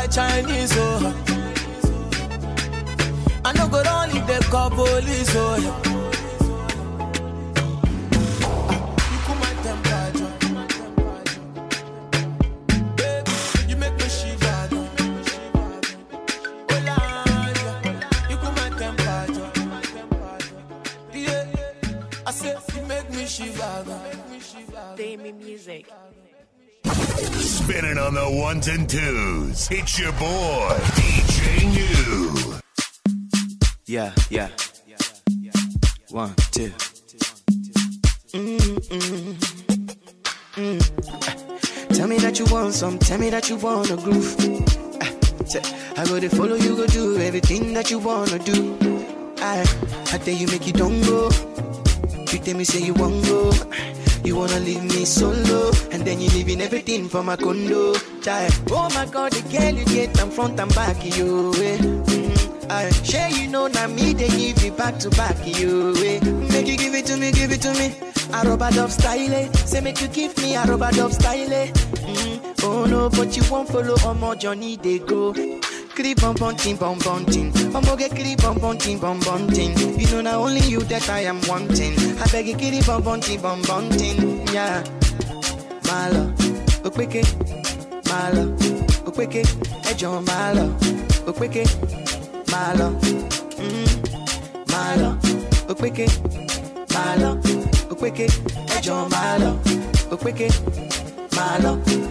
like Chinese, oh. I no go run if they call police, oh. spinning on the ones and twos. It's your boy, DJ New. Yeah, yeah. One, two. Mm-mm. Mm. tell me that you want some, tell me that you want a groove. Eh, I go to follow you, go do everything that you wanna do. I, eh, I tell you make you don't go. You tell me say you won't go. You wanna leave me solo, and then you leaving everything for my condo. Child, oh my god, the girl you get from front and back, you. Eh. mm I share you know now me they give you back to back, you. Eh. Make you give it to me, give it to me. I rub a style, eh. say make you give me a rub a style. Eh. mm Oh no, but you won't follow on my journey they go kiri bum bum ting bum bum ting. Bumbo get kiri bum bum ting bum bum ting. You know not only you that I am wanting. I beg you kiri bum bum ting bum bum ting. Yeah, Malo, love, look quick it, my love, Malo, quick it. Hey John, my love, look quick it, my love, mm, my love, look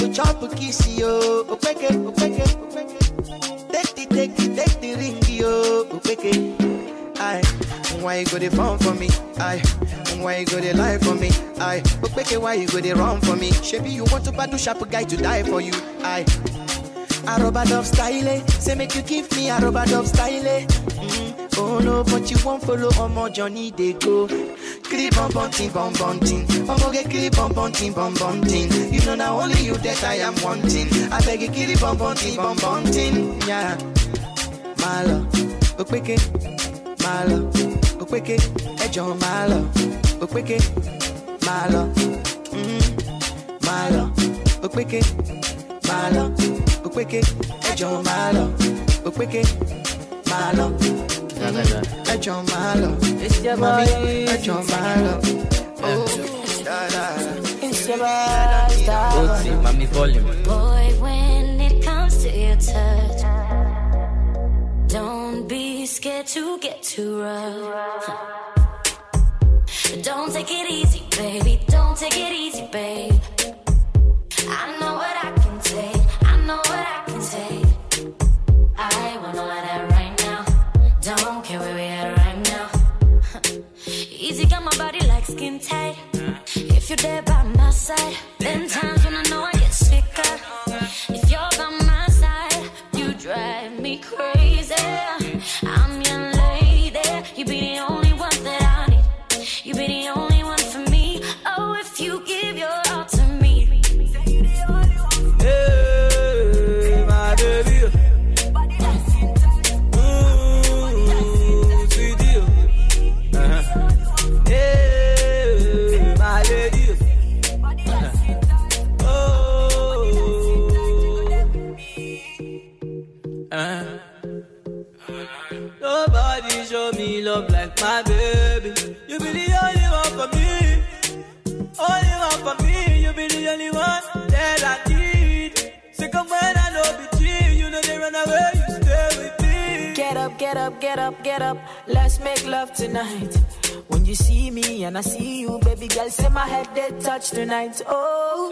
go chop kiss you. Opeke, opeke, opeke. Take the, take the, take the ring yo, Opeke, aye. Why you go the phone for me? Aye. Why you go the lie for me? Aye. Opeke, why you go the run for me? Shebi, you want to battle sharp guy to die for you? Aye. Arobadov style, eh? say make you give me Arobadov style. Mm. Oh no, but you won't follow on my journey they go. Creep on bunting, I'm gonna get creep on bunting, bum bunting. You know now only you that I am wanting. I beg you, creep on bunting, bum bunting. Yeah, my love, look wicked. My love, look wicked. Edge on my love, look wicked. My love, mm, my love, look wicked. My love, look wicked. Edge on my love, look wicked. My love. Edge on my love. It's your Edge on my love. Oh, da, It's your mommy volume. Boy, when it comes to your touch, don't be scared to get too rough. Don't take it easy, baby. Don't take it easy, babe. I know what I can take. I know what I can take. I wanna let it don't care where we at right now. Easy got my body like skin tight. Hmm. If you're there by my side, then time. my baby. You be the only one for me. Only one for me. You be the only one that I need. Second when I know you, you know they run away. You stay with me. Get up, get up, get up, get up. Let's make love tonight. When you see me and I see you, baby girl, say my head they touch tonight. Oh,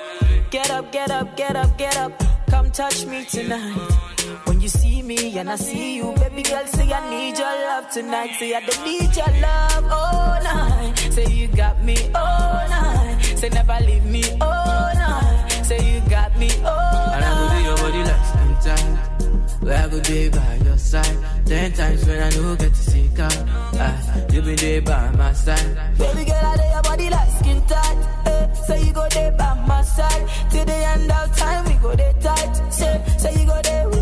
get up, get up, get up, get up. Come touch me tonight. When you see me and I see you, baby girl, say I need your love tonight. Say I don't need your love all night. Say you got me all night. Say never leave me all night. Say you got me all night. Where I go day by your side. Ten times when I know get to see out. Ah, you been there by my side. Baby girl, I lay your body like skin tight. Eh, so you go there by my side. Till the end of time, we go there tight. Say, so you go there with.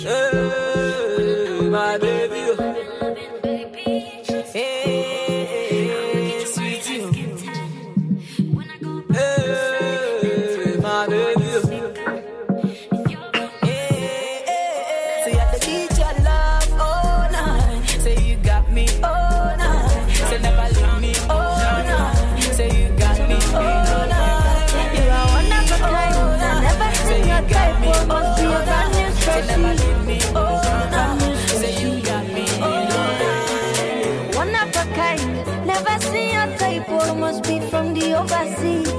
Hey, my baby. Never seen your type, or must be from the overseas.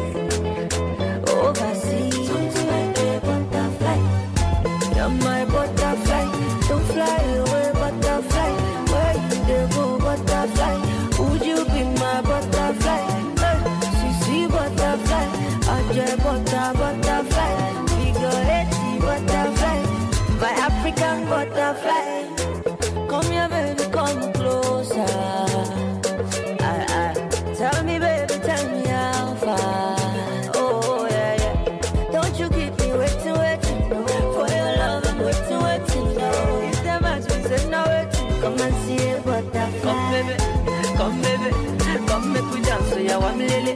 daily.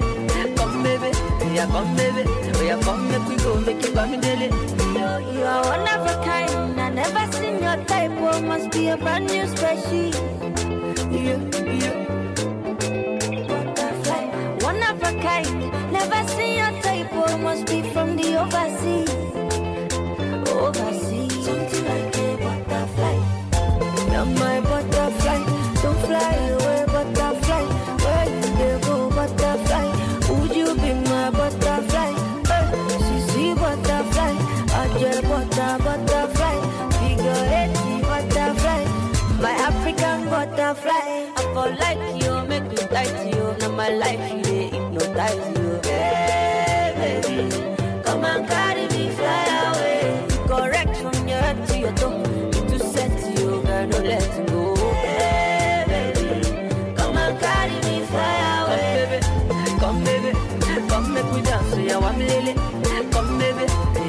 Come baby, we are come baby, we are come make we go make you come daily. you are one of a kind, I never seen your type. Oh, must be a brand new species.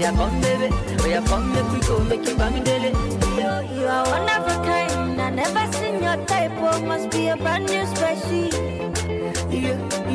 We a come, make we go, make you daily. you are one of a kind. I never seen your type. Oh, must be a brand new species. Yeah.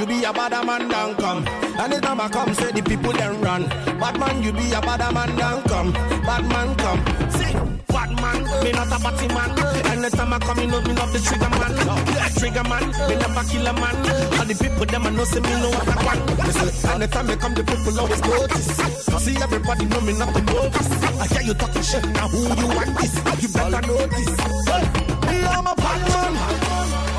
you be a bad man, don't come. Anytime I come, say the people then run. Bad man, you be a bad man, don't come. Bad man come. See, bad man, me not a batty man. Anytime I come, you know me not the trigger man. Trigger man, me never kill a man. All the people them I know say me know what I want. anytime I come, the people always notice. See everybody know me not the notice. I hear you talking shit, now who you want this? You better know this. I'm a bad man.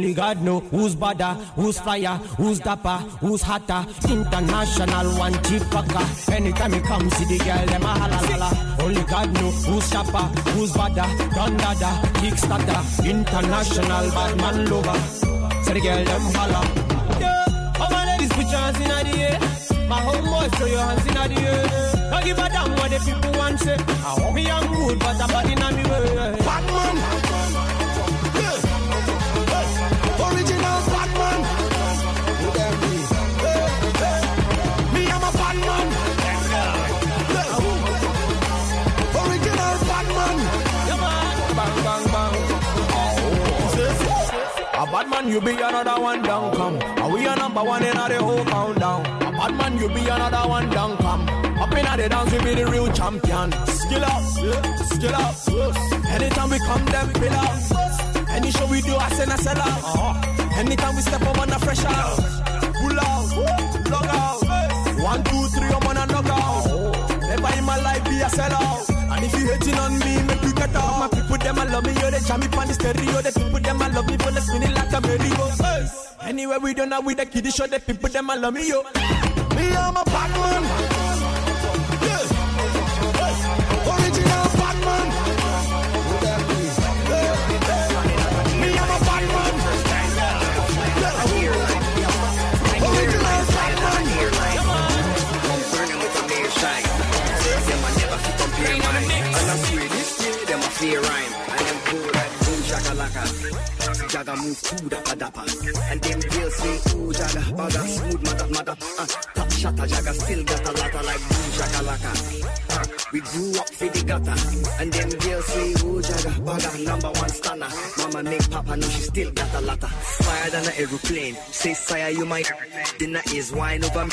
Only God know who's badder, who's fire, who's dapper, who's hotter. International one cheap fucker. Anytime he comes, see the girl, them a holla. Only God know who's sharper, who's badder, dundada, kickstarter. International bad man lover. Say the girl, them holla. Yeah, all my ladies put your hands in the air. My homeboys show your hands in the air. Don't give a damn what the people want say. I want me, young am but I'm bad in my way. Bad man original bad Who them be? Me, I'm a bad Original bad Bang, bang, bang. A bad you be another one down come. Are we a number one in the whole countdown? A bad man, you be another one down come. Up in the dance, you be the real champion. Skill up, skill up. Anytime we come, them fill up. Any show we do, I send a seller. Uh-huh. Anytime we step up on a fresh out. Pull out, log out. One, two, three, I'm on a knockout. Never in my life be a sell out. And if you hating on me, make you get out. My people, them, I love me. Yo, they jam me on the stereo. The people, them, I love me. But they spinning like a merry-go. Anywhere we don't know, we the kiddie show. The people, them, I love me, yo. Me, I'm a bad man. play rhyme and them cool like boom shakalaka. Jaga move cool dapa dapa. And them girls say, ooh jaga, baga smooth mother mother. Uh, top shatta jaga still got a lotta like boom shakalaka. Uh, we grew up for the gutter. And them girls say, ooh jaga, baga number one stunner. Mama make papa know she still got a lotta. Fire than an aeroplane. Say sire you my. Dinner is wine over. me.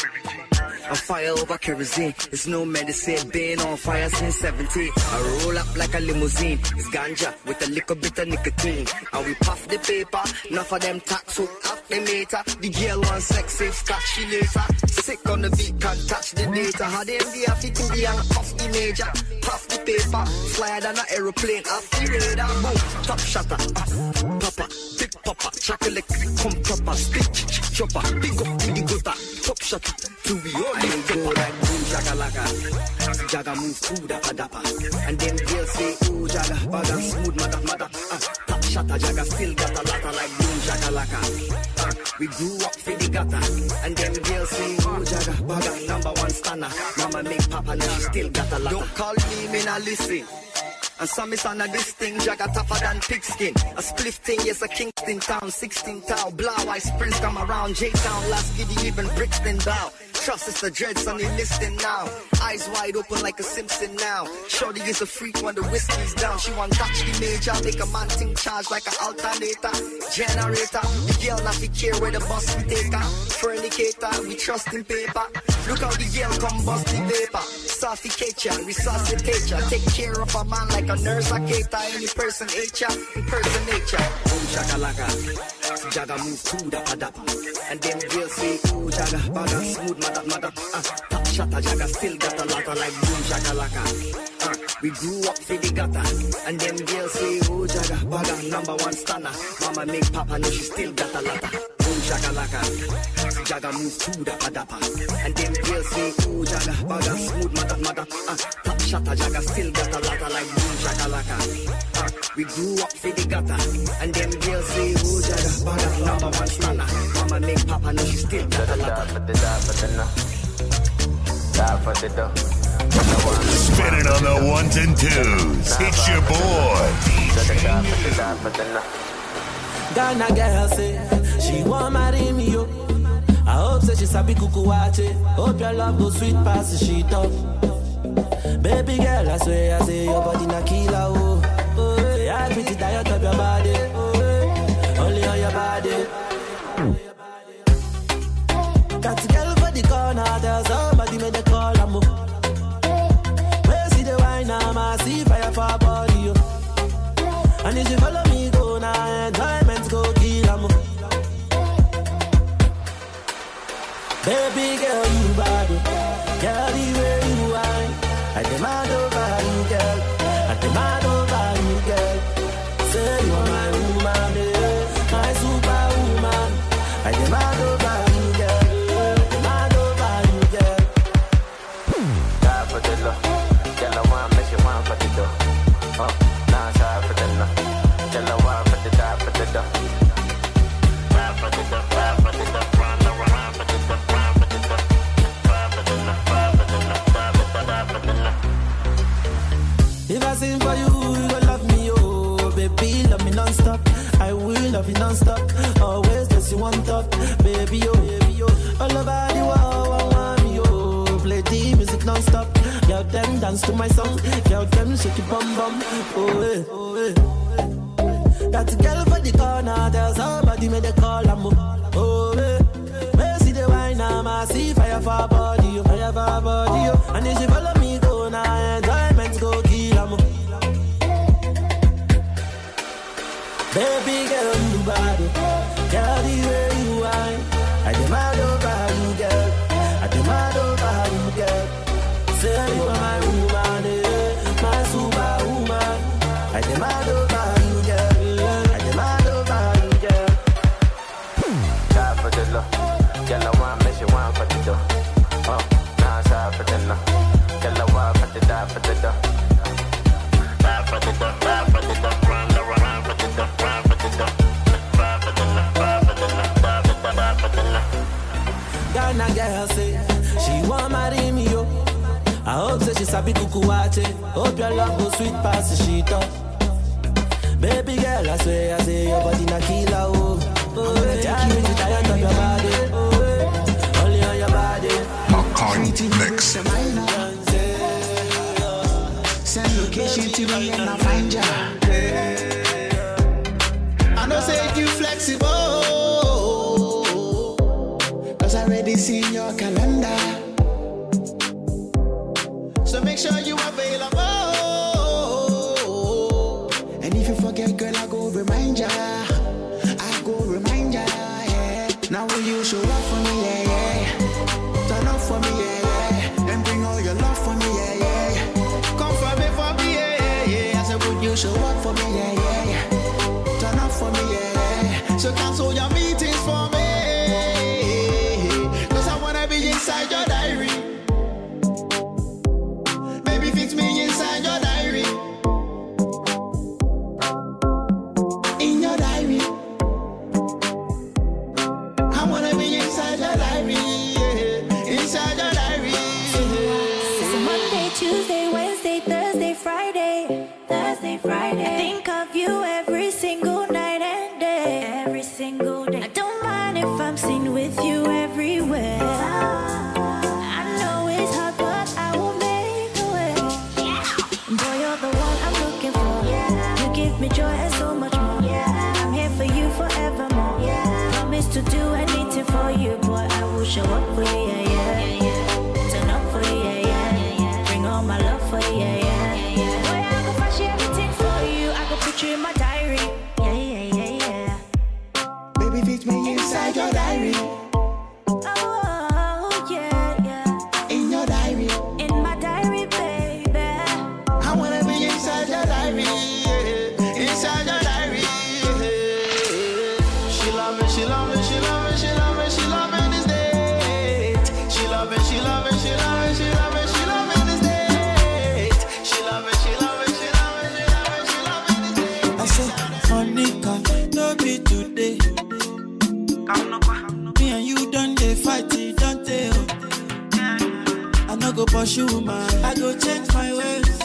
I fire over kerosene. It's no medicine, been on fire since 70. I roll up like a limousine. It's ganja with a little bit of nicotine. And we puff the paper, enough of them tax who half the meter. The girl on sex safe, scotch she later. Sick on the beat, can't touch the data. Had MD off it be on a puff the major. Puff the paper, flyer than an aeroplane. Off the radar, boom, top shutter. papa, big papa, chocolate, come proper. Stitch, chopper, big up Big gutter, top shutter. I ain't go like boom jaga laga. Jaga move cool dappa dappa. And then girls say ooh jaga, baga smooth mada mada. Uh, top a jaga still got a lotta like boom jaga laga. Uh, we grew up for the gutter, And then girls say ooh jaga, baga number one stunner. Mama make papa now still got a lotta. Don't call me, me not listen. And some is under this thing, jagger tougher than pigskin. A spliff thing, yes, a Kingston town, 16 town, blow, I sprints come around J Town, last giddy, even Brixton bow. Trust it's the dreads on the listing now. Eyes wide open like a Simpson now. Shorty is a freak when the whiskey's down. She want touch the major, make a man think charge like an alternator, generator. The girl not be care where the bus we take her. Fornicator, we trust in paper. Look how the girl come bust the vapor. Sufficate ya, resuscitate ya. Take care of a man like a nurse, a cater. Any person, ya, impersonate ya. Boom shakalaka. Jaga move to the paddock. And them girls say, ooh, Jaga bagga, smooth, mother, mother. Uh, top shatter, Jaga still got a lotta like boom, Jagga, laka. Uh, we grew up for the gutter. And them girls say, Oh, Jaga baga number one stunner. Mama make papa know she still got a lotta. Ooh, shakalaka. Jaga moves to the adapa. And them girls say, ooh, Jaga, baga, smooth, mother, mother. Ah, top shatter, Jaga, still got a lot like boom, shakalaka. Ah, we grew up for the gutter. And them girls say, ooh, Jaga, baga, number one stunner. Mama make papa know she still got a lot of... Spin it on the ones and twos. It's your boy. Ghana girl say she won't marry me, yo. I hope that so she's a big kukuwache. Hope your love goes sweet past the sheet up. Baby girl, I swear I say your body na killer, oh. oh yeah, hey, I die diet of your body, oh. Hey, only on your body. Mm. Got a girl for the corner, there's somebody made a call, I'm up. Where the wine, I'm a see fire for body, yo. And if you follow Baby girl, you bad. Girl, you woman. I go change my ways.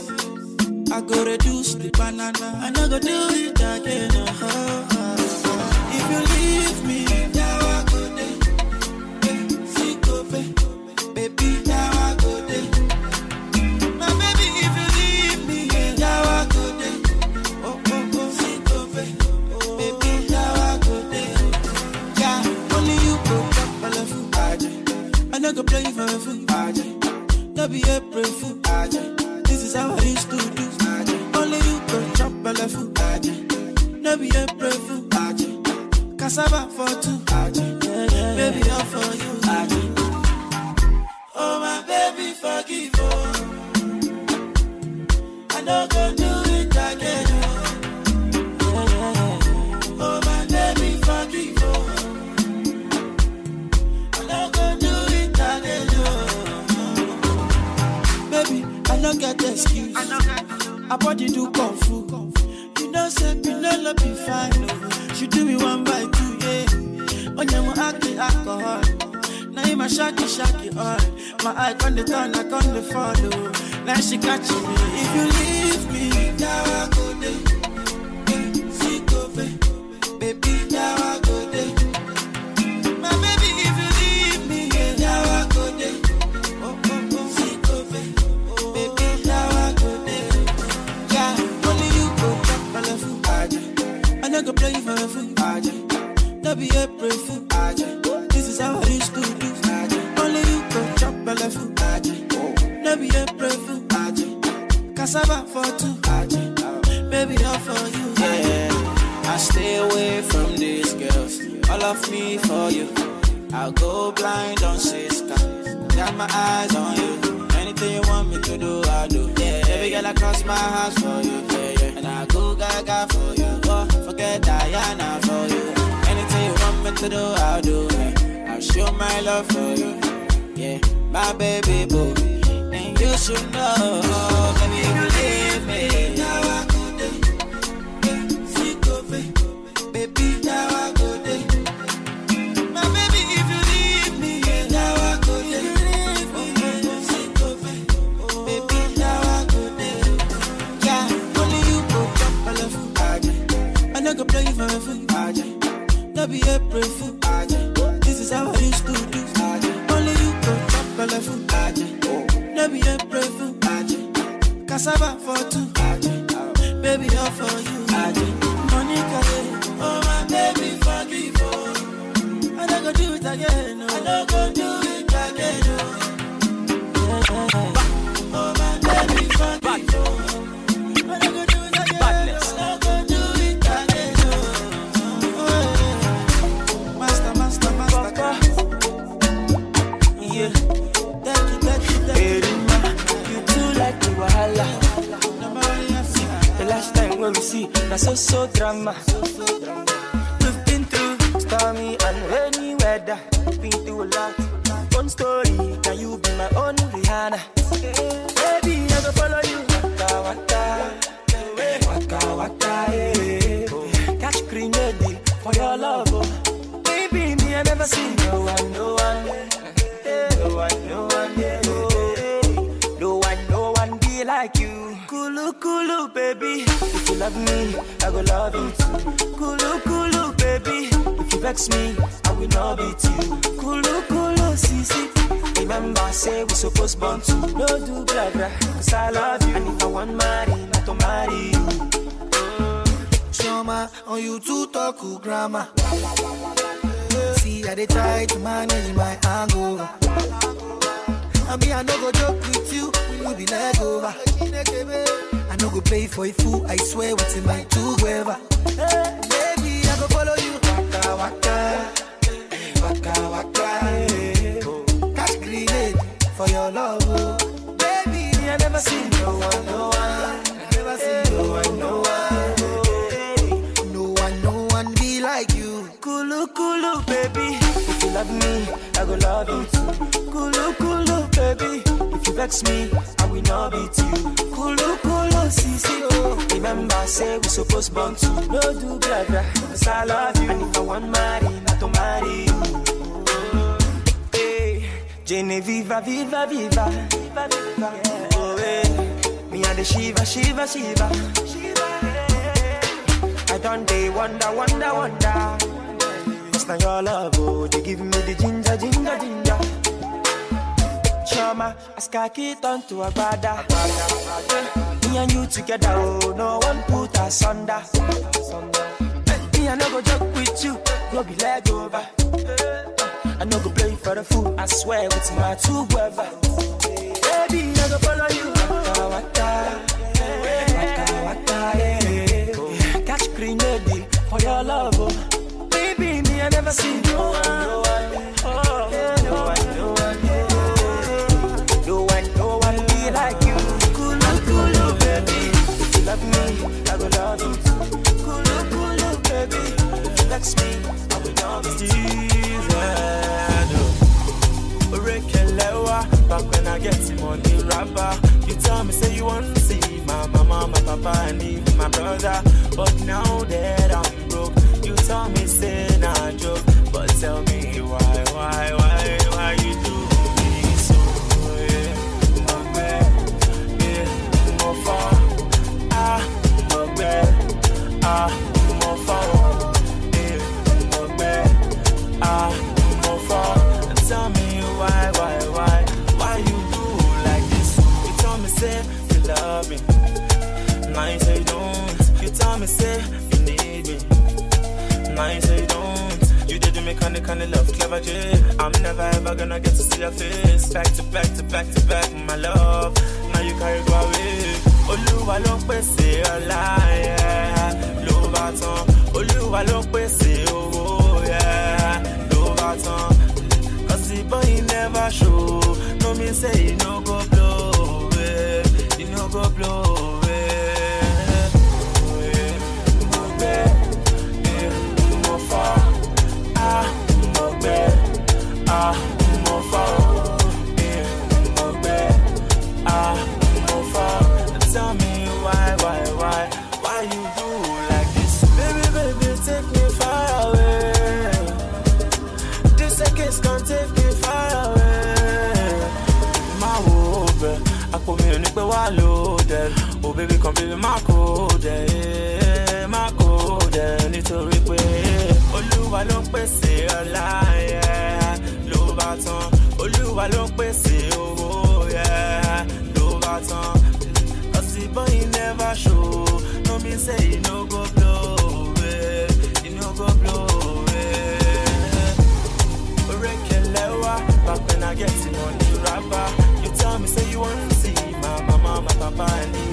I go reduce the banana. I no go do it again. Uh-huh. be a brave fool. This is how I used to do. Only you can chop my left foot. Never be a brave fool. Cassava for two. Baby, all for you. Yeah. I stay away from these girls. All of me for you. I'll go blind on six cars. Got my eyes on you. Anything you want me to do, I do. Yeah. Every girl I cross my heart for you. Yeah, yeah. And I go gaga for you. to I'll do it. I'll show my love for you. Yeah, my baby boy. And you should know, baby. no be April fool. This is how I used to do. Only you go top colorful. No be April fool. Cassava for two. Baby, all for you. Monica, oh my baby, forgive. me. Oh. I don't go do it again. Oh. I don't go do sos otra drama love me, I go love you too. Kulu kulu, baby, if you vex me, I will not beat you. Kulu kulu, sisi. Remember, say we supposed born to no do blah blah. Cause I love you, and if I want marry, not to marry you. Trauma mm. on you to talk grammar. See, I they try to manage my anger. I mean, I no go joke with you, will be like over. I no go play for you fool. I swear what's in my two whoever. Hey, baby, I go follow you. Waka waka, waka waka. Hey, oh. Cash grenade for your love, oh. baby. I never seen no one, no one. I never seen no one, no one. Oh. No one, no one be like you. Kulu kulu, baby. If you love me, I go love you too. Kulu kulu, baby. If you vex me. love ya, cause I love you. And if I want marry, not to marry you. Eh, hey, Genevieve, viva, viva, viva, Oh, hey. Eh. me and the Shiva, Shiva, Shiva. Eh. I don't day wonder, wonder, wonder. Just now your love, oh, they give me the ginger, ginger, ginger trauma. As khaki turn to a bada. Me and you together, oh, no one put us under. I no go joke with you. No be leg over. I no go play for the fool. I swear it's my two brother. Baby, I go follow you. Waka waka, waka waka, yeah. Catch green lady for your love, oh. Baby, me I never see no one. ask me, I would not be teasing. Rekelewa, back when I get him money, rapper. You tell me, say you want to see my mama, my papa, and even my brother. But now that I'm broke, you tell me, say, nah, joke. But tell me why, why, why, why you do me so? Yeah, my bad, yeah, my fault. Ah, my bad, ah. me say you need me. Now you say you don't. You did me kinda kinda love clever J. I'm never ever gonna get to see your face. Back to back to back to back, my love. Now you carry go away. Olúwa ló pèsè ọlá yẹ ló bá tán. Olúwa ló pèsè owó yẹ ló bá tán. Cause the boy he never show. No me say he no go blow. Babe. He no go blow. ṣùgbọ́n bíbí má kó dẹ̀ ẹ́ má kó dẹ̀ nítorí pé olúwa ló ń pèsè ọlá yẹ ló bá tán olúwa ló ń pèsè owó yẹ ló bá tán ọ̀sìn bọ́yìn never show no mean say he no go blow away you no go blow away. orekele wa back when i get money rapper. you tell me say you wan see my mama my papa and me.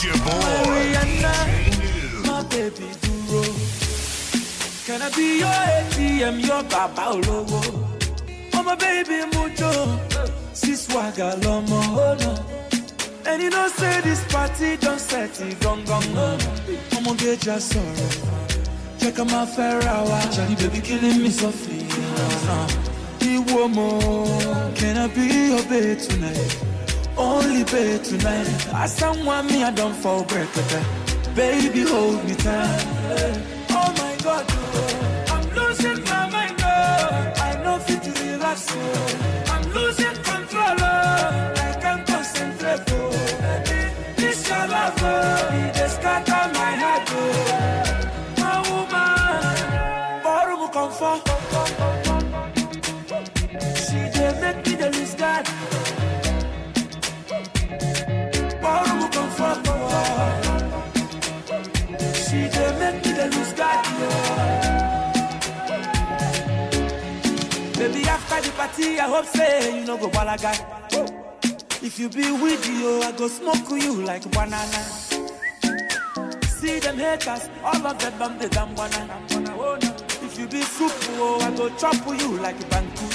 It's your boy. Mariana, my baby duro. Can I be your ATM, your baba olówó? Oh my baby mucho, si swagger lomo And you know say this party don't set it gong gong no. I'm gonna get your sorrow. Check out my Ferrawa. Charlie baby killing me softly. Uh, uh, Iwomo, can I be your babe tonight? only pay tonight. As someone me, I don't fall break. Baby, hold me tight. Oh my God, oh. I'm losing my mind. Oh. I know fit to relax. Oh. I'm losing control. Oh. I can't concentrate. This your love, oh. it scatter me. inside the party, I hope say you no go got. Oh, if you be with you, oh, I go smoke you like banana. See them haters, all of them bam the damn banana. If you be soup, oh, I go chop you like banku.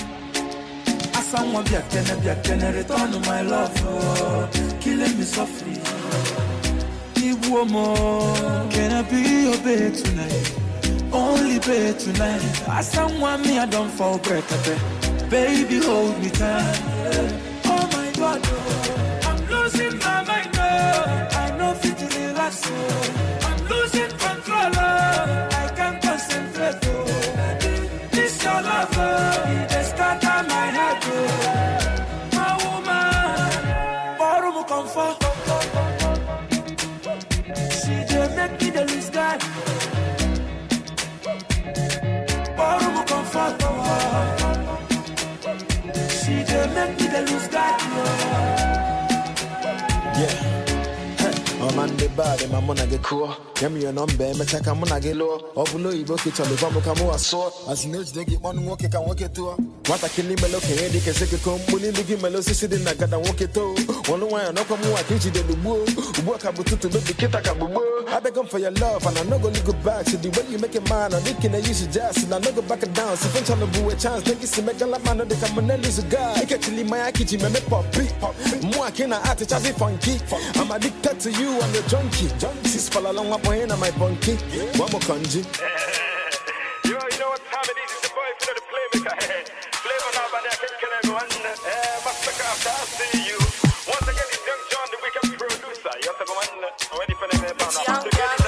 Someone be a tenor, be a tenor, return to my love, oh, killing me softly. Woman, can I be your babe tonight? Only babe tonight. As someone me, I don't fall break, I bet. Baby, hold me tight. Oh my God, oh. I'm losing my mind. Oh. I know oh. I'm losing control. Oh. I can't concentrate. Oh. This your my My woman, comfort. comfort. de ti de luz, man dey bad dem amụ na gị kụọ nye m yọrọ mba emecha ka mụ na gị lụọ ọ bụla oyibo ka ịchọrọ ịgwa m ka mụ asụọ asị na ejide gị kpọnụ nwoke ka nwoke tụọ nwatakịrị mele okenye dị kezi gị koo mkpụrụ imi gị mele osisi dị na gada nwoke too ọnụ nwaanyị nọkwa m nwa ka ijide lugbuo ugbu a ka bụ tutu bebi kịta ka bụ gboo abịago m for your love and I no go look back to the way you make it mine and thinking you should just and I no go back down so fun channel boo a chance think it's make a lot man they come and lose a guy I catch my kitchen me pop pop more can I act just funky I'm addicted to you I'm your junkie. junkie. Sis Falalong wa boy na my bunkie. Yeah. more kanji. Yo, you know what time it is? It's the boy from the playmaker. Flavor now, but I can't kill everyone. Eh, massacre after I see you. Once again, it's Young John, the wicked producer. You have to go on. I'm ready for the man.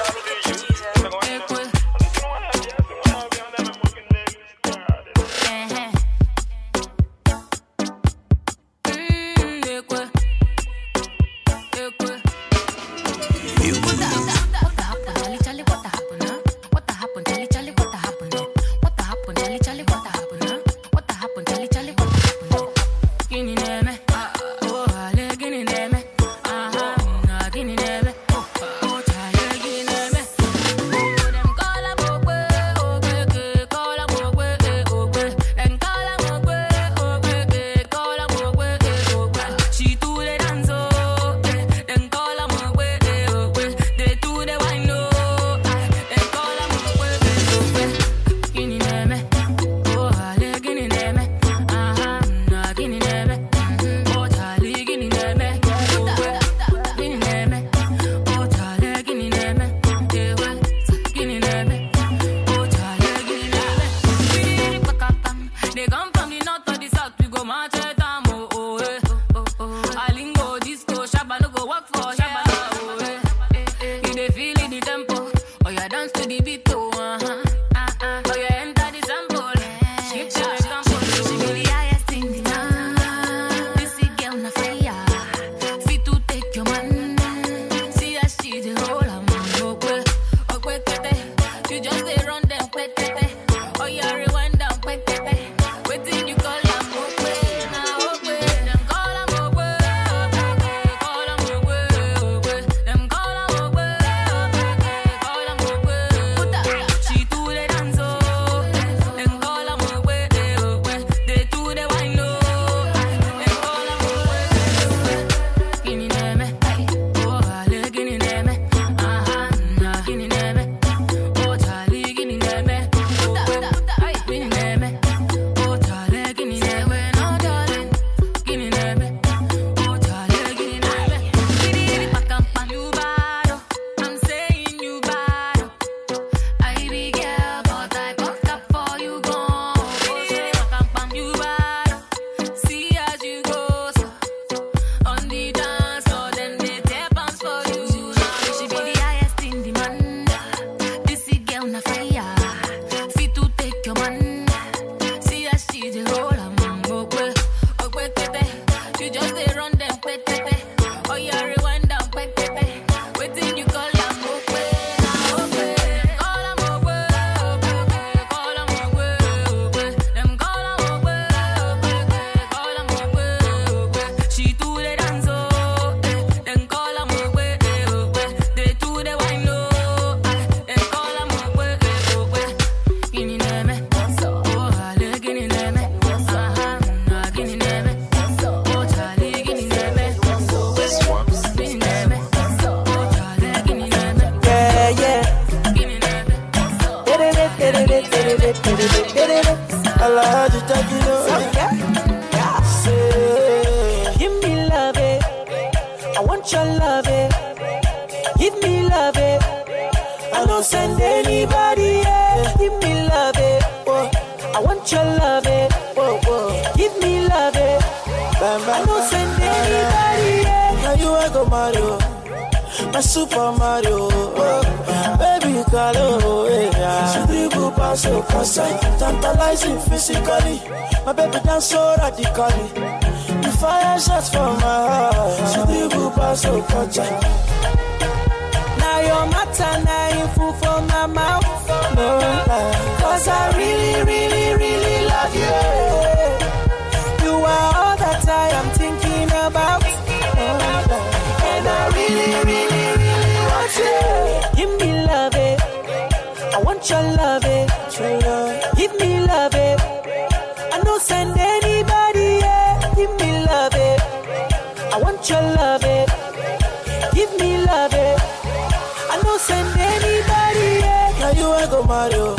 na Super Mario. Oh, baby, call oh, away. She dribble pass so concern, tantalizing physically. My baby dance so radically. The fire shots from my heart. She dribble pass so concern. Now your matter, now in full for my mouth. No Cause I really, really, really love you. You are all that I am Thinking about. And I really, really Give me love, it. Eh. I want your love, it. Eh, Give me love, it. Eh. I don't send anybody, yeah. Give me love, it. I want your love, it. Give me love, it. I don't send anybody, yeah. Now you I go Mario,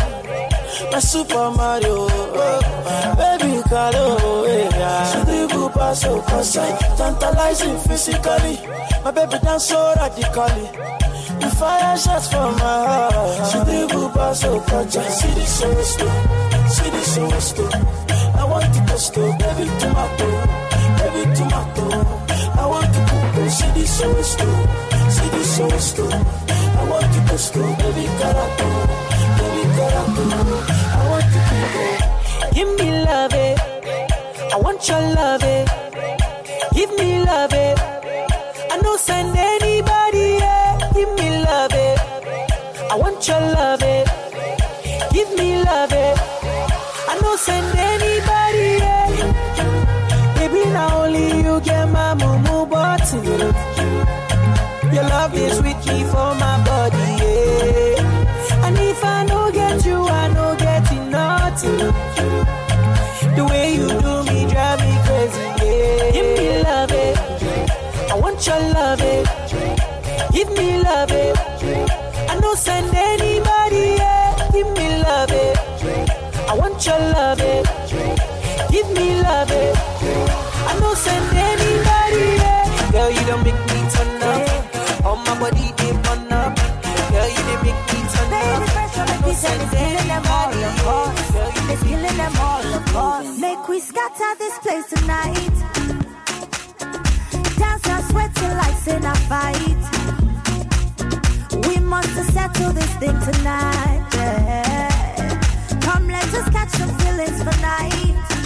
my Super Mario, oh, baby Carlo, yeah. Sugary Buba so concerned, tantalizing physically. My baby dance so radically. The fire shots from my heart. She did go pass so touch. See this so slow. See this so slow. I want to touch to baby tomato. Baby tomato. I want to cook. See this so slow. See this so slow. I want to touch to baby carato. Baby carato. I want to cook. Give me love eh? I want your love eh? Give me love eh? I know send anybody else love, it. I want your love, it. Give me love, it. I no send anybody, yeah. Baby, now only you get my mumu button. Your love is wiki for my body, yeah. And if I no get you, I no get you nothing. The way you do me drive me crazy, yeah. Give me love, it. I want your love, it. Give me love, eh. I no send anybody, eh. Give me love, eh. I want your love, eh. Give me love, eh. I no send anybody, eh. Girl, you don't make me turn up. All my body they burn up. Girl, you don't make me turn up. I no send anybody, eh. Girl, you do killing them all, of course. Make we scatter this place tonight. Dance and sweat till lights in a fight. We must settle this thing tonight. Yeah. Come, let us catch the feelings for night.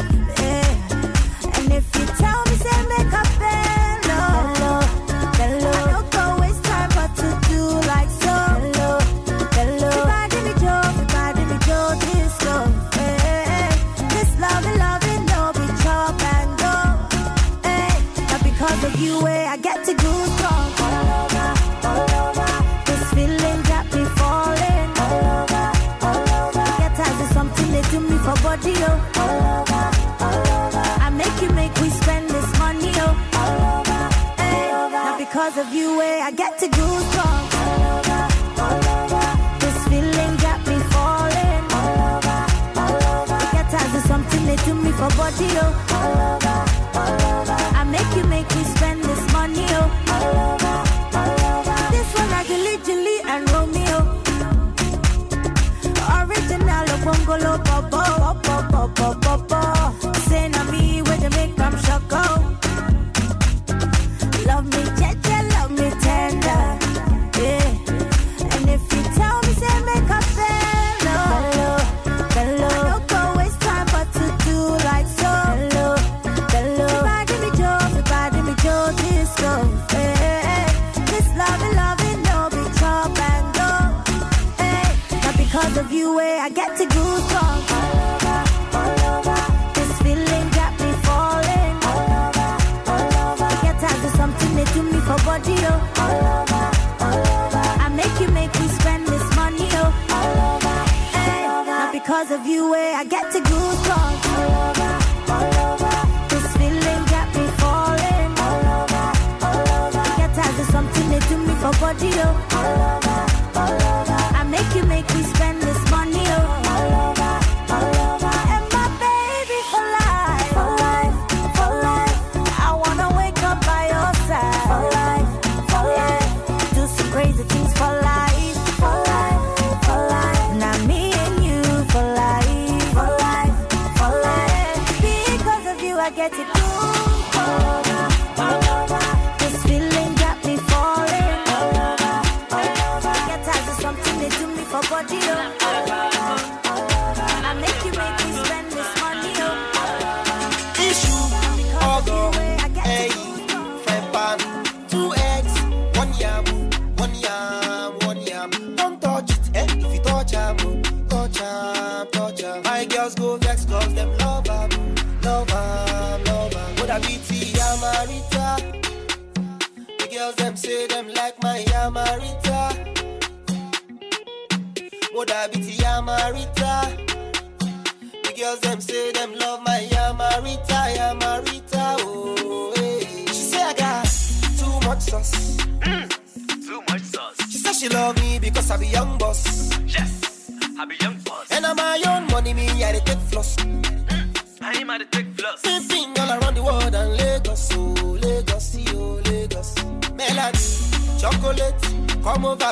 love you way I get to go strong. This feeling got me falling all over, all over. something they do me for body, oh.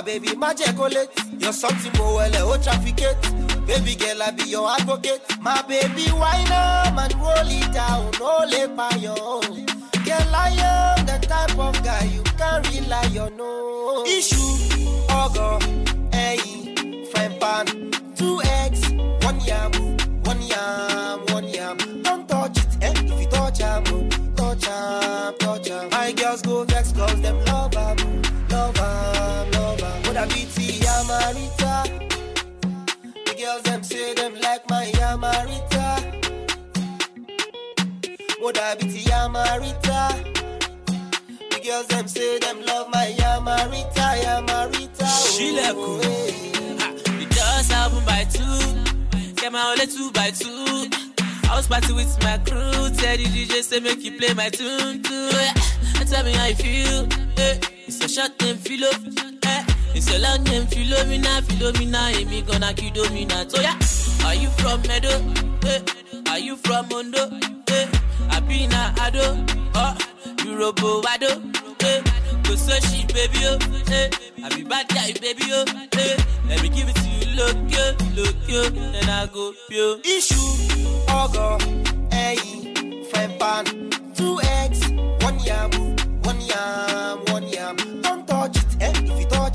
baby, my collect. You're something more well, oh traffic. Baby girl, I be your advocate. My baby, why not? Man, roll it down, roll it by your Girl, I am the type of guy you can rely on. No issue, ogre, hey, friend pan, two eggs, one yam, one yam, one yam. Don't touch it, eh? If you touch yam, oh, touch yam, touch yam. My girls go vex, cause them love her. Yamarita. The girls them say them like my Yamarita. Would I be the Yamarita? The girls them say them love my Yamarita, Yamarita. Oh, she like cool. Hey. The doors open by two. Get my only two by two. I was party with my crew. Tell the DJ say make you play my tune too. Yeah. Tell me how you feel. Hey. Eh, it's a short term feel up. It's your love name, Philomena, Philomena, Amy gonna kill Domina. So yeah, are you from Medo? Hey, eh, Are you from Mondo? Eh? Abina Ado, oh, Eurobo Ado, Hey, eh, Go she baby, oh, Hey, eh, I be bad guy, baby, oh, Hey, Let me give it to you, look, yo, look, yo, then I go pure. Issue, Ogo, eh, pan, two eggs, one yam, one yam, one yam. Don't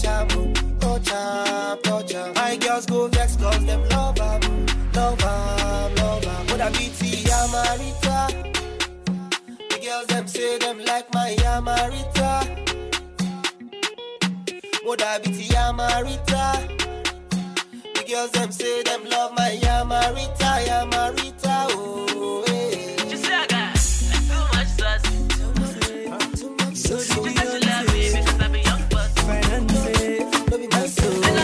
jam, oh jam, oh jam. My girls go vex cause them love her, love her, love her. But I beat the Amarita. The girls them say them like my Amarita. Would I be the Amarita? The girls them say them love my Amarita, Amarita.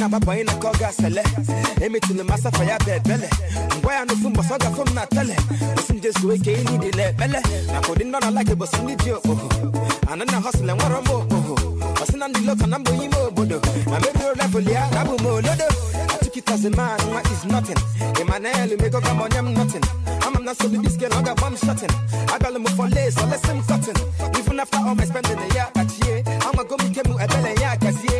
na agbaba ị na-akọ ga sele emetụla m asafa ya bụ ngwa ya n'ofu mbọsị ọ gafọ na tele osi nje zuo ike ị niile na ekpele nakwa ụdị ndị ọ na-ala gị bụsị ndị dị okpoho anana họsịla nwere m okpoho na ndị lota na mba onye ime obodo na mebiro level ya na is nothing emmanuel megoga m onye m nothing ama m na nsogbu diske na ọ ga-agba m shotin agalụ m for lace olesi m cotton even after all my spending ya kachie amago m ike m ebele ya agazie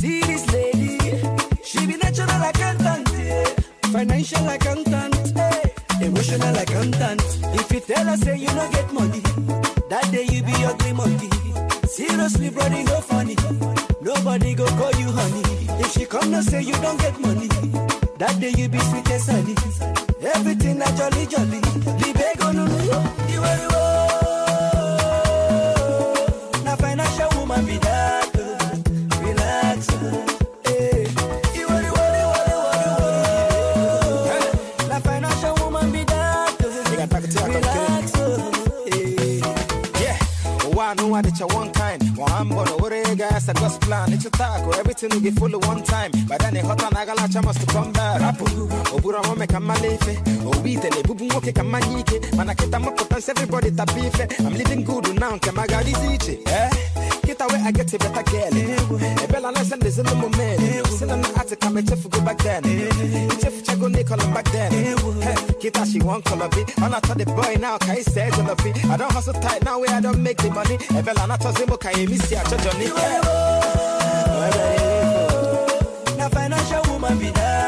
see this lady, she be natural accountant, yeah. financial accountant, hey. emotional accountant. If you tell her say you no get money, that day you be ugly monkey. Seriously, brody, no funny. Nobody go call you honey. If she come and say you don't get money, that day you be sweet as honey. Everything a jolly jolly. was It's a taco, oh, everything will be full at one time. But then it hot and I got a chance to come back. Rapu, oh, oh, Obura Home Kamalefe, Obite, Bubu Woke Kamanike, Manakita tans everybody tapife. I'm living good now, Kamagadi Zichi, eh? Get away, I get a better girl. A eh, bella nice and there's in the moment. Send an attic, I'm a chef, go back then. Chef Chago Nicola back then. Kita, she won't call a bit. And I told the boy now, can I say to the fee? I don't hustle tight now, where I don't make the money. A eh, bella not toss him, oh, can you miss your Johnny? Now, financial woman be there.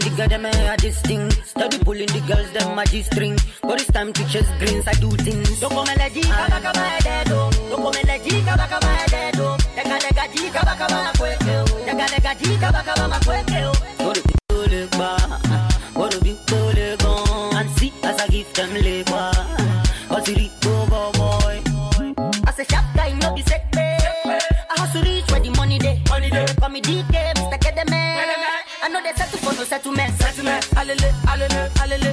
pulling the girl, them I had this thing. Study pulling the girls, them my G-string. But it's time to chase greens, I do things. Don't come and let you come back my head, oh. Don't come and let you come back my head, Don't oh. come and let you come back my head, Don't come and let you come back my head, oh. alele, alele, alele.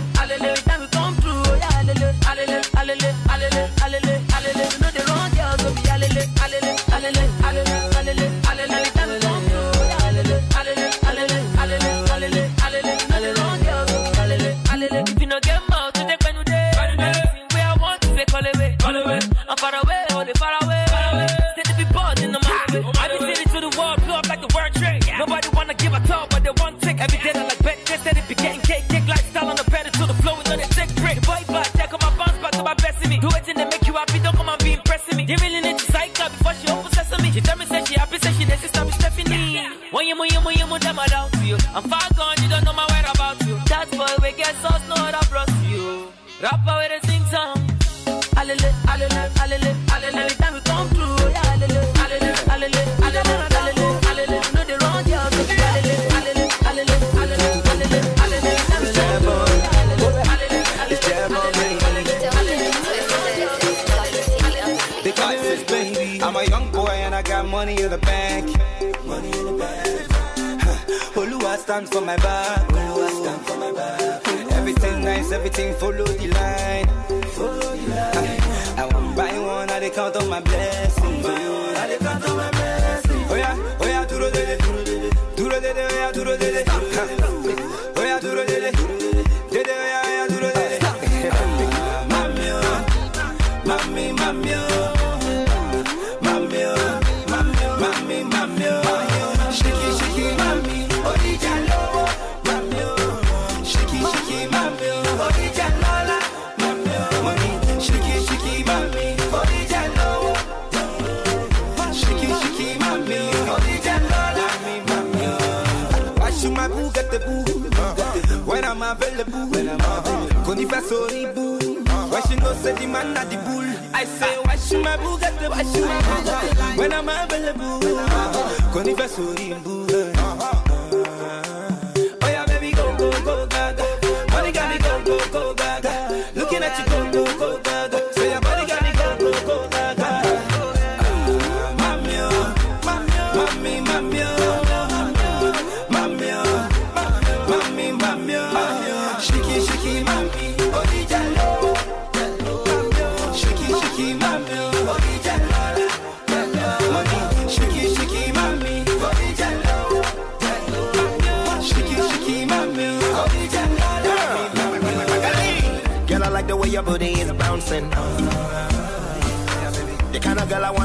when I'm available, when I'm available.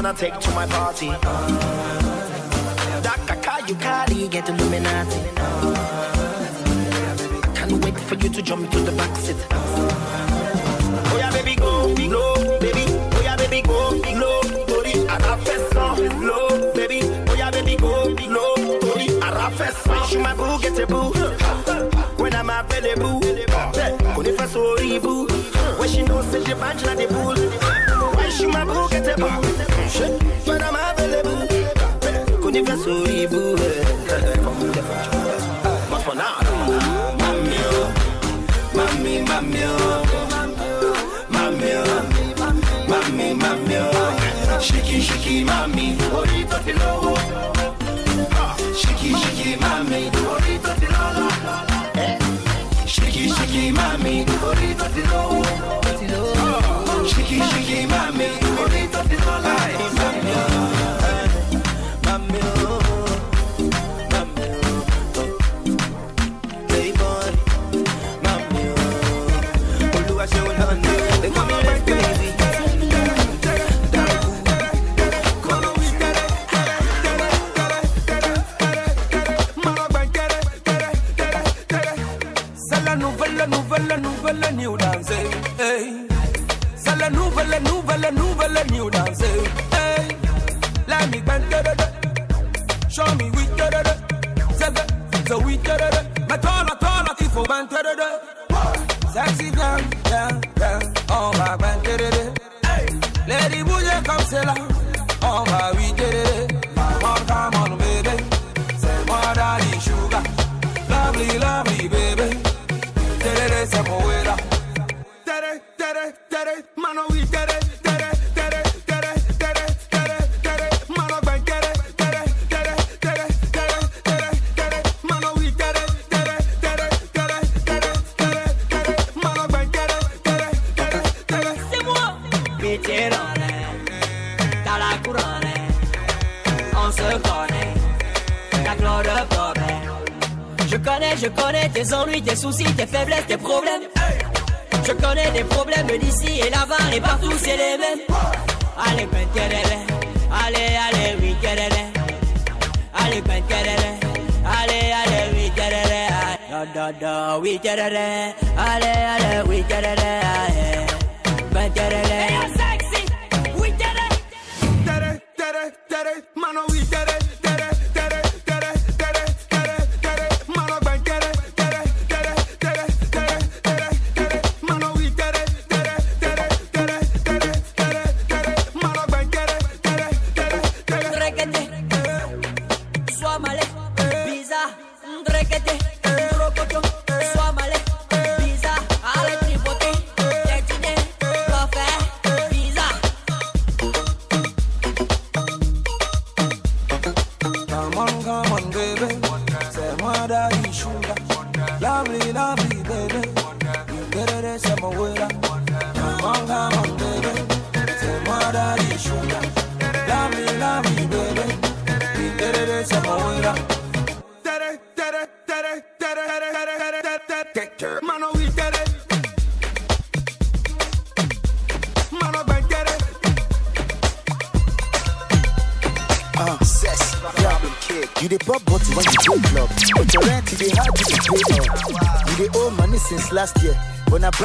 wanna take to my party. call you, Kayukari, get illuminati. Can't wait for you to jump to the back seat. ṣíkì ṣíkì mami orí tó ti lówó. tes ennuis, tes soucis, tes faiblesses, tes problèmes. Je connais des problèmes d'ici et là-bas et partout, c'est les mêmes. Allez, ben, allez, allez, oui, Allez, ben, allez, allez, oui, Da, da, da, oui, allez, allez, oui, ben,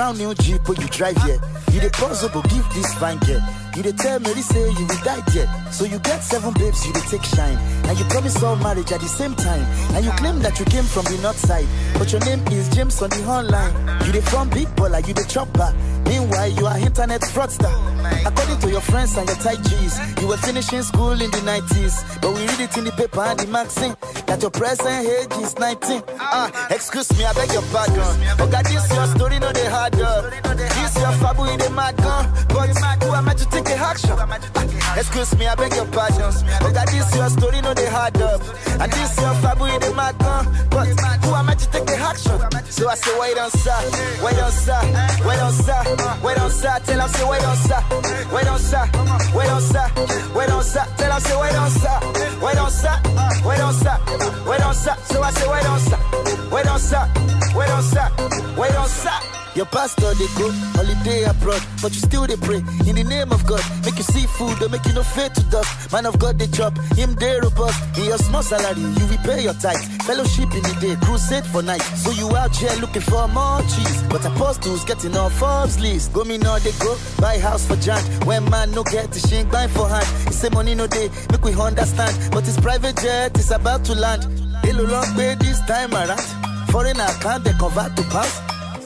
brand new Jeep but you drive here. You the possible give this fine girl. You the tell me they say you will die yet? So you get seven babes, you the take shine. And you promise all marriage at the same time. And you claim that you came from the north side. But your name is James on the online. You the from big baller, you the chopper. Meanwhile, you are internet fraudster. According to your friends and your tight G's, you were finishing school in the 90s. But we read it in the paper and the magazine that your present age is 19. Ah, uh, excuse me, I beg your pardon. But God, this your story, no they hard up. This your fabu in the mad gun. But who am I to take a action? Uh, excuse me, I beg your pardon. But God, this your story, no they hard up. And this your fabu in the mad gun. But who am I to take a action? So I say, wait on sir, wait on sir, wait on sir, wait on sir. Tell him say, wait on sir, wait on sir, wait on sir, wait on sir. Tell him say, wait on sir, wait on sir don't stop, don't stop. So I say, don't stop, don't stop, don't stop. Your pastor they go holiday abroad, but you still they pray in the name of God. Make you see food, they make you no fear to dust. Man of God they drop him they robust. In your small salary, you repay your tithe. Fellowship in the day, crusade for night. So you out here looking for more cheese, but apostles getting off Forbes list. Go me now they go buy house for giant. When man no get the shink buy for hand. It's say money no day, make we understand. But it's private jet, it's about to land. Hello long pay this time around. Foreign account they convert to pass?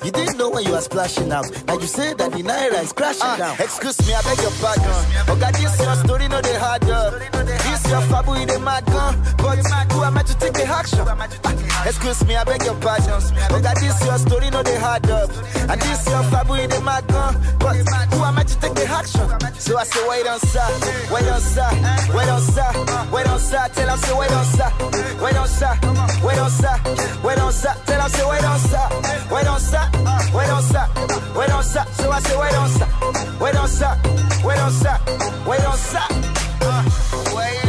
You didn't know when you were splashing out. Now you say that the naira is crashing uh, down. Excuse me, I beg your pardon. Okay, this your story, no they hard up. This your fabu in the mad gun. But who am I to take the action? Uh, excuse me, I beg your pardon. Okay, this your story, no they hard up. And this your fabu in the mad gun. But who am I to take the action? So I say, wait on sir, wait on sir, wait on sir, wait on sir. Tell him say, wait on sir, wait on sir, wait on sir, wait on sir. Tell him say, wait on sir, wait on sir. Wait don't suck, where do so I say where don't suck, where don't suck, where don't suck, where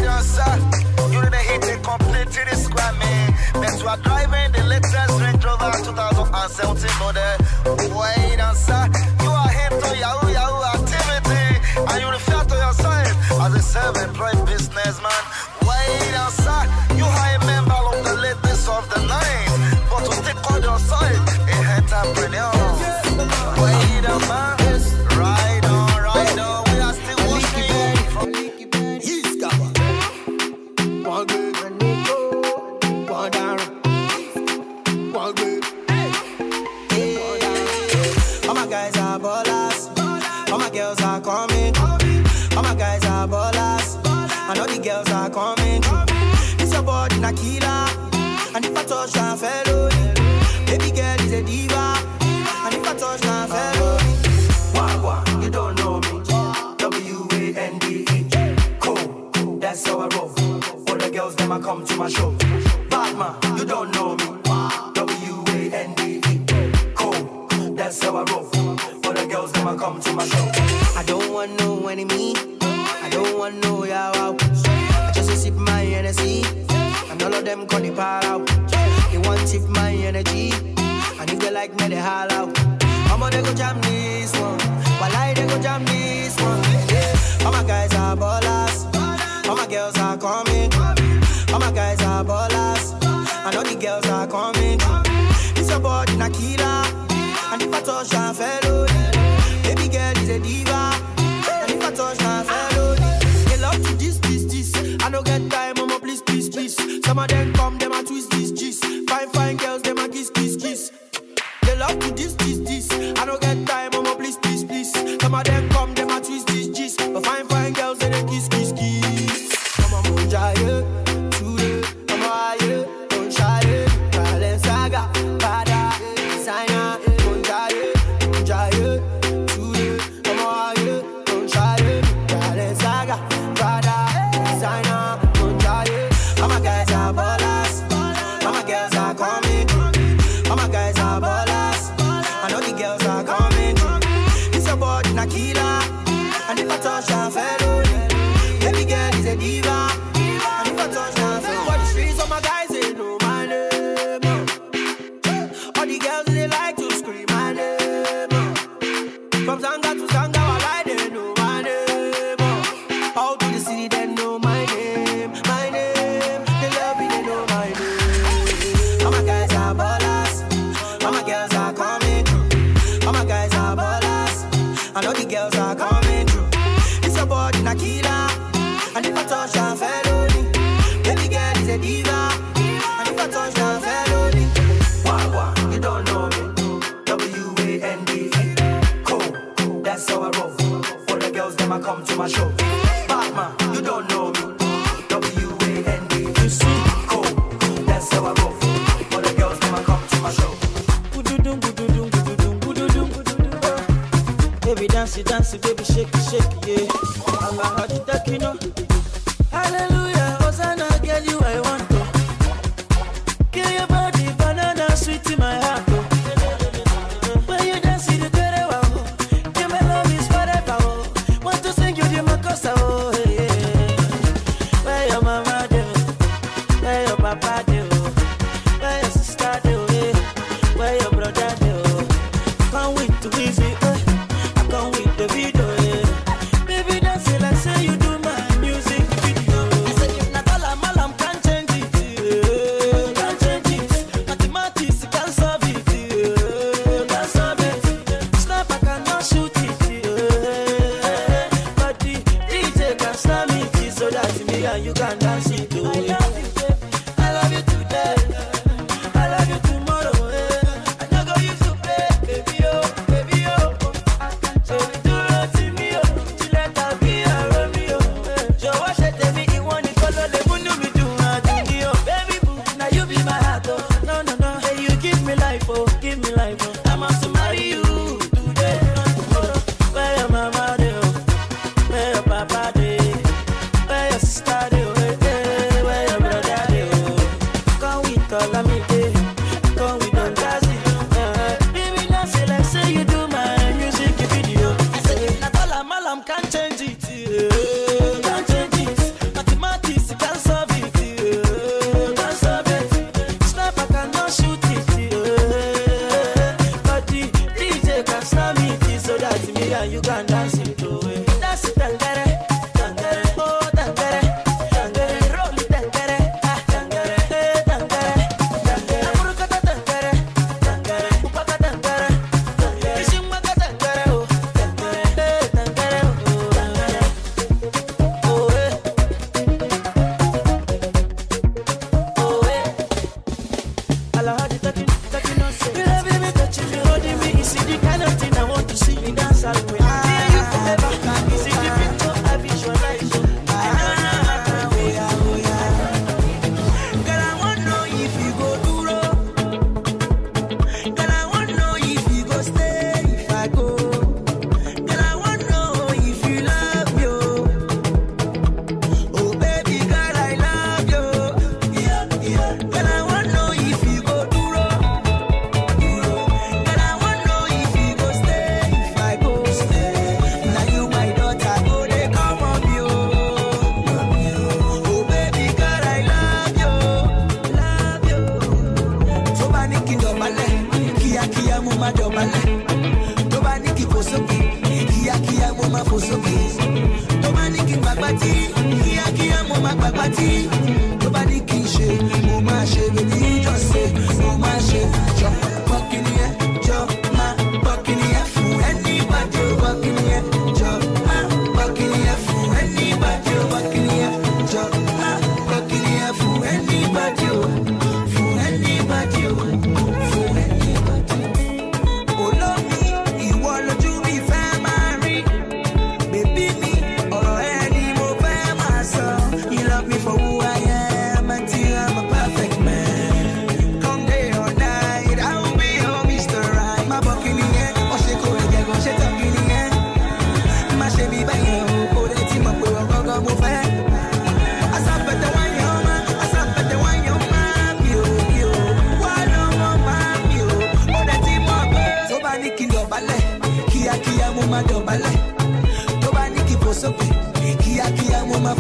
don't You didn't hit complete to the squad, man. That's why driving the latest Range Rover 2017 model. Where don't you are here to Yahoo Yahoo activity, and you refer to yourself as a self-employed businessman. Where don't you are a member of the ladies of the night, but to stick on your side. and all the girls are coming through. This your body, na killer. And if I touch, I fellow. Baby girl is a diva. And if I touch, I fellow. Wah, wah, you don't know me. W-A-N-D-E. that's how I roll. All the girls, them, I come to my show. Batman, you don't know me. W-A-N-D-E. Cool, that's how I roll. All the girls, them, I come to my show. I don't want no enemy one know ya wow. I just sip my energy, and all of them call it power out. They want sip my energy, and if they like me, they holler out. Mama, they go jam this one, while I they go jam this one. Yeah. All my guys are ballers, all my girls are coming. All my guys are ballers, and all the girls are coming. This your boy Nakira, and if I touch, your fellow. Baby girl is a diva.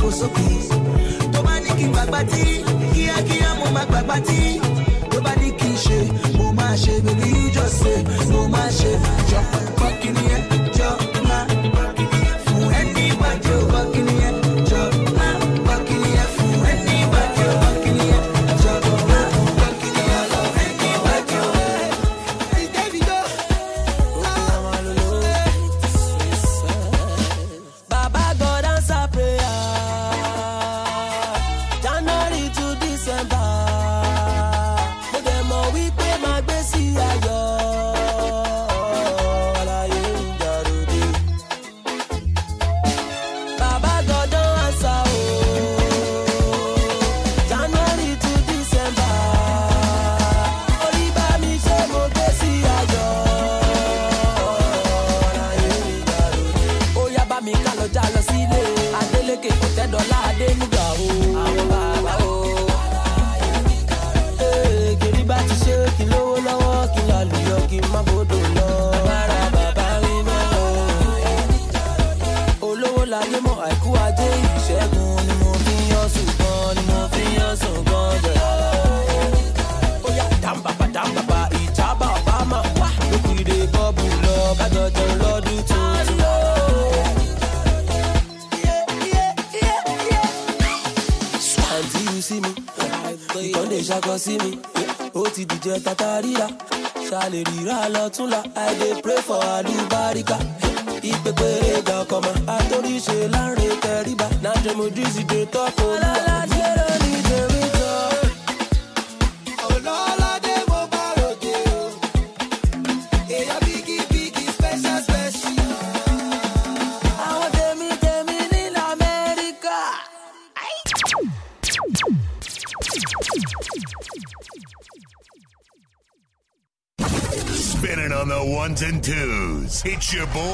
gbàgbó sókè tó bá ní kí n gbàgbá tí your boy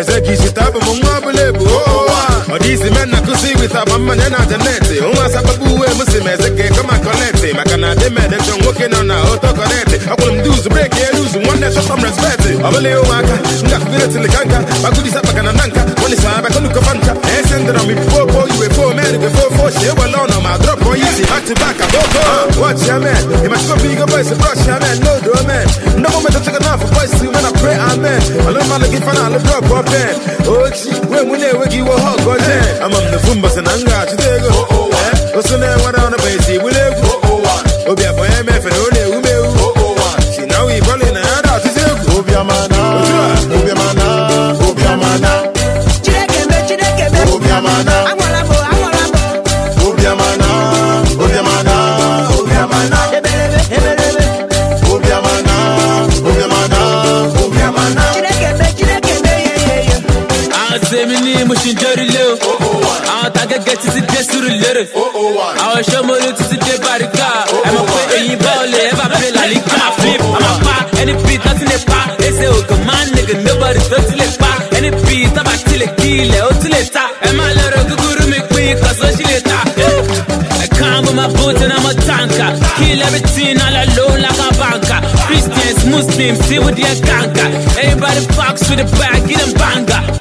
Ezekiji tabu mungwa bulebu oh, oh, oh, ah. Odisi mena kusi wita mama nena janeti Unwa sababu uwe musime ezeke kama koneti Makana deme dento nwoke na na oto koneti Akwulu mduzu break ye lose one show some respect Obele uwaka nga kubire tilikanka Bagudi sabaka na nanka One is Wani sabe konu kafanka Esendera mi popo iwe po meri four, she Shewa lono my drop Boy, you back to back, I go go. Watch your man. You must not be a boy, so brush your man. No, do a man. No woman to take a knife for boys, see, when I pray, amen. I love my lucky fan, I love drop up man. Oh, gee, when we never give a hug, go then. I'm on the boom, but an anger, today go. Oh, oh, eh? What's the name? What wanna be bọ̀dì tó ti lè pa ẹni bí tábà ti lè kí ilẹ̀ ó ti lè ta ẹ máa lọ́rọ̀ gúgúrú mi pín ikọ̀ só sì lè ta. I come with my boots and I'm a tanker. Kill everything all alone like a banker. Christians, Muslims, see with their ganker. Everybody fucks with the bag, get them banger.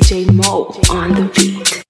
DJ Mo on the beat.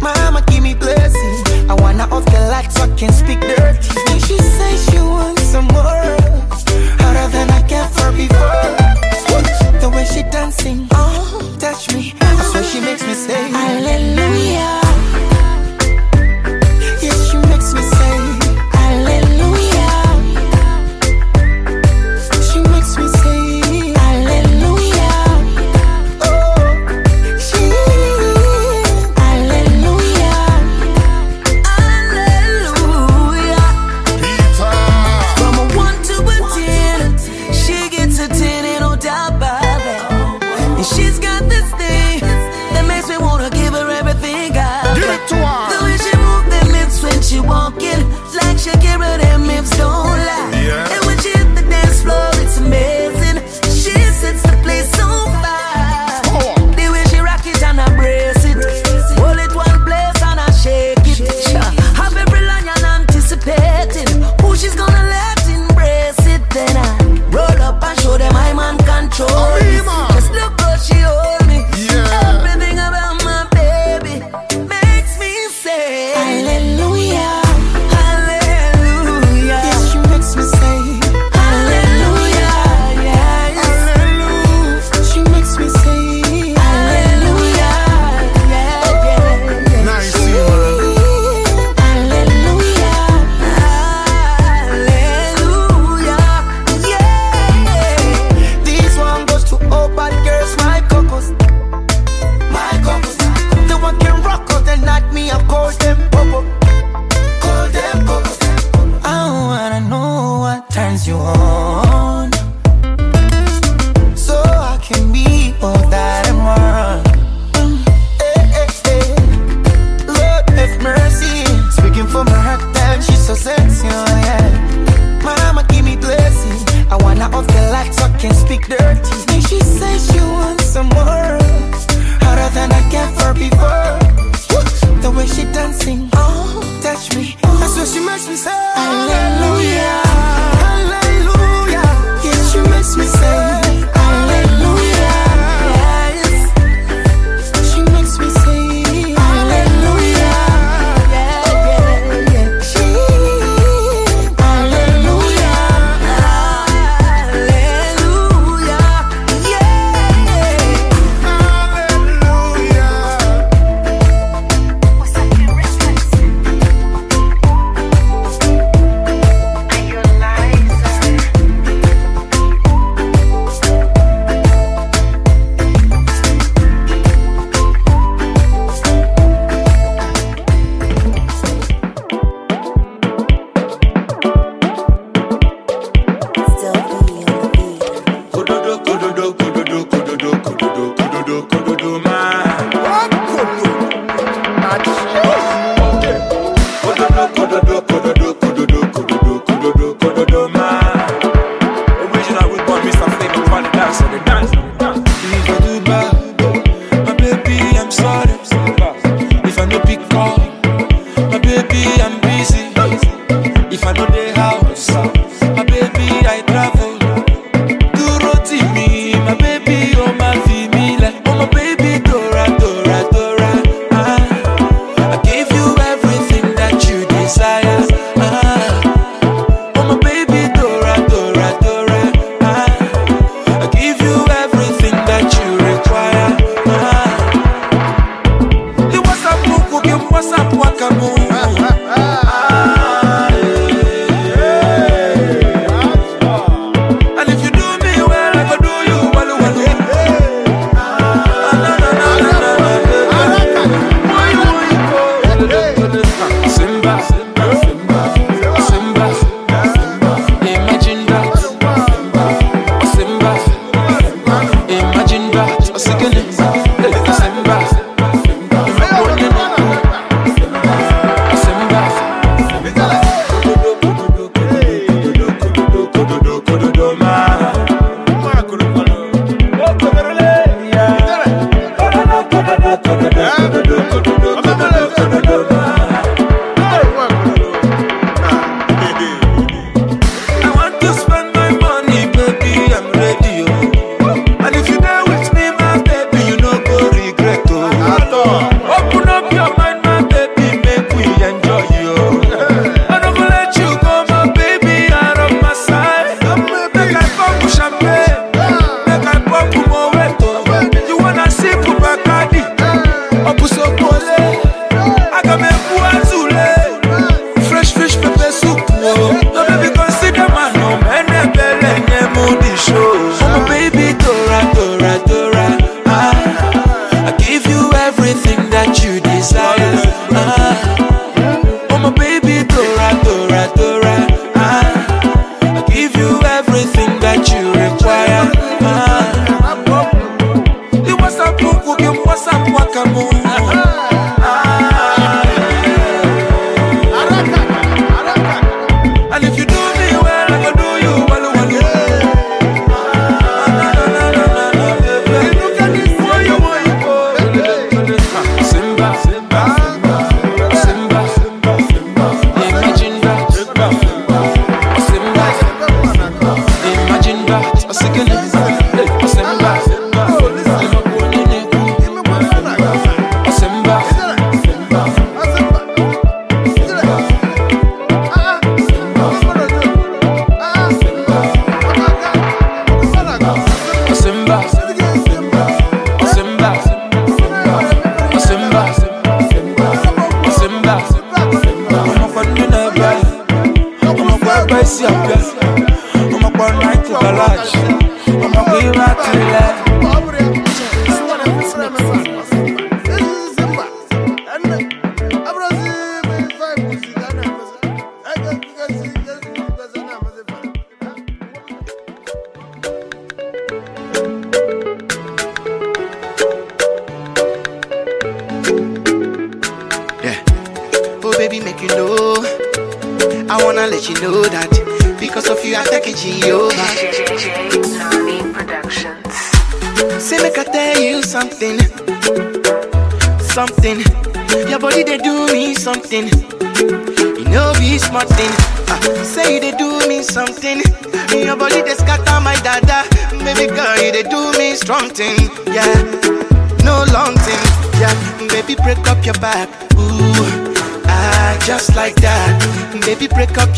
Mama, give me blessing. I wanna off the lights so I can speak.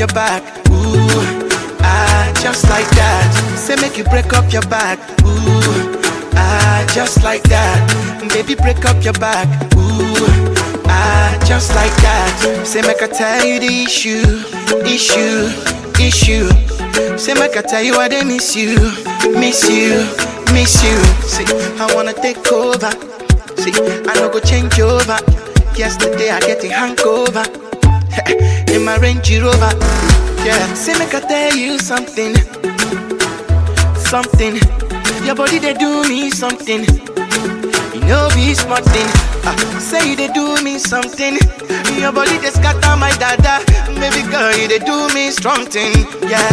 your back, ooh, ah, just like that. Say make you break up your back, ooh, ah, just like that. Baby, break up your back, ooh, ah, just like that. Say make I tell you the issue, issue, issue. Say make I tell you I did miss you, miss you, miss you. See, I wanna take over. See, I no go change over. Yesterday I get a hangover. in my Range Rover. Yeah, see me can tell you something, something. Your body they do me something. You know be smart thing. Uh, say they do me something. Your body they scatter my dada. Baby girl, you they do me strong thing. Yeah,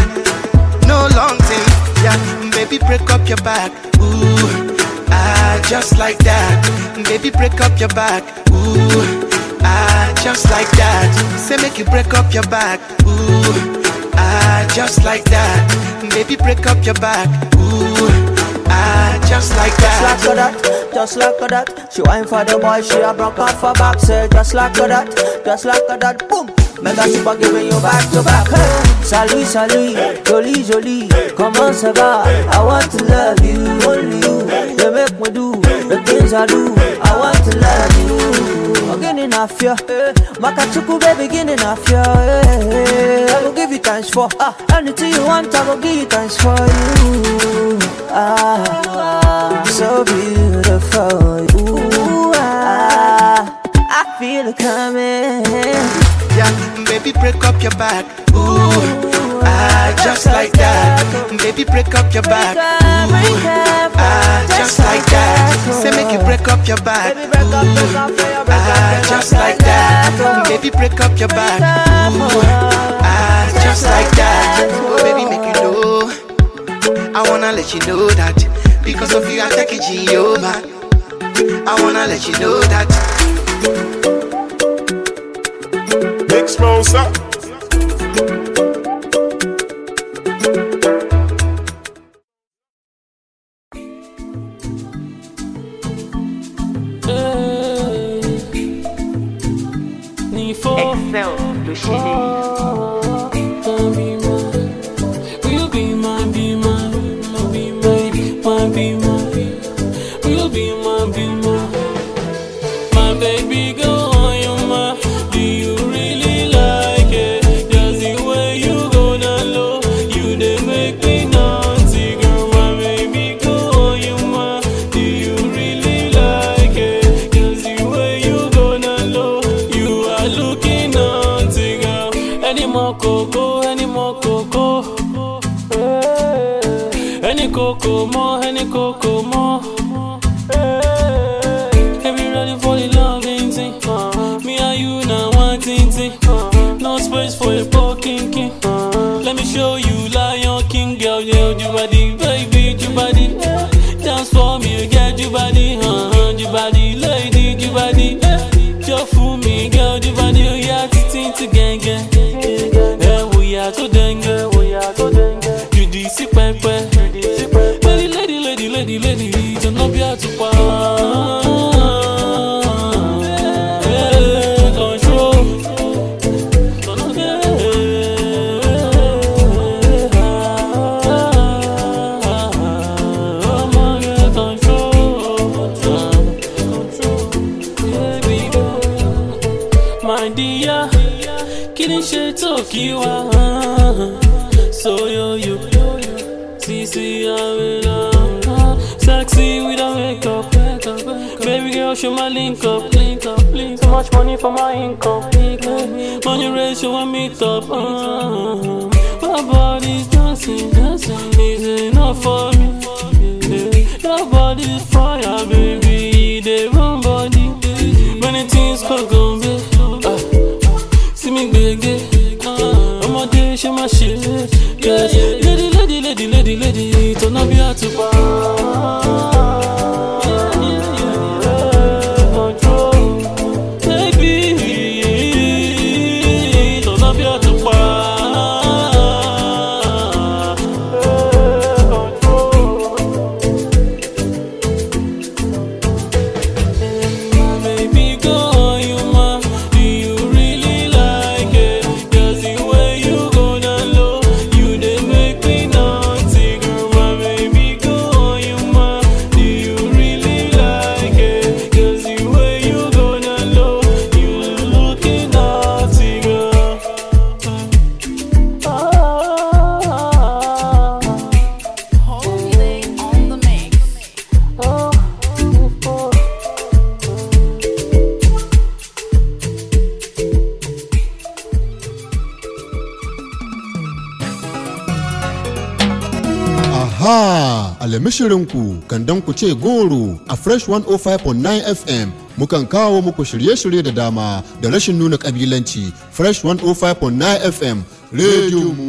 no long thing. Yeah, baby break up your back. Ooh, ah, just like that. Baby break up your back. Ooh. Ah, just like that. Say make you break up your back. Ooh, ah, just like that. Baby, break up your back. Ooh, ah, just like that. Just like that, just like that. She wine for the boy, she a broke off her back. Say just like that, just like that. Boom. Mega super giving you back to back. Hey. Salut, salut, hey. jolie, jolie. Hey. Comment ça va? Hey. I want to love you, only you. Hey. You make me do the things I do. I want to love you beginning of you. Eh. Makachuku, baby, beginning of you. Eh. I will give you thanks for ah. anything you want. I will give you thanks for you. Ah, so beautiful. Ooh, ah, I feel it coming. Yeah, baby, break up your back. Ooh. Ah, just like that. Baby, break up your back. Ah, just like that. Say, make you break up your back. Ah, just like that. Baby, break up your back. Ah, just like that. Baby, make you know. I wanna let you know that. Because of you, I take it to you, man. I wanna let you know that. Big Smosa. 心。are So yo see see I'm Sexy don't wake up. Baby girl show my link up So much money for my income Money ratio you want me uh, My body's dancing, dancing Is enough for me Your body's fire shirinku kandan ku ce goro a fresh 105.9 fm mukan kawo muku shirye-shirye da dama da rashin nuna kabilanci fresh 105.9 fm rediyo mu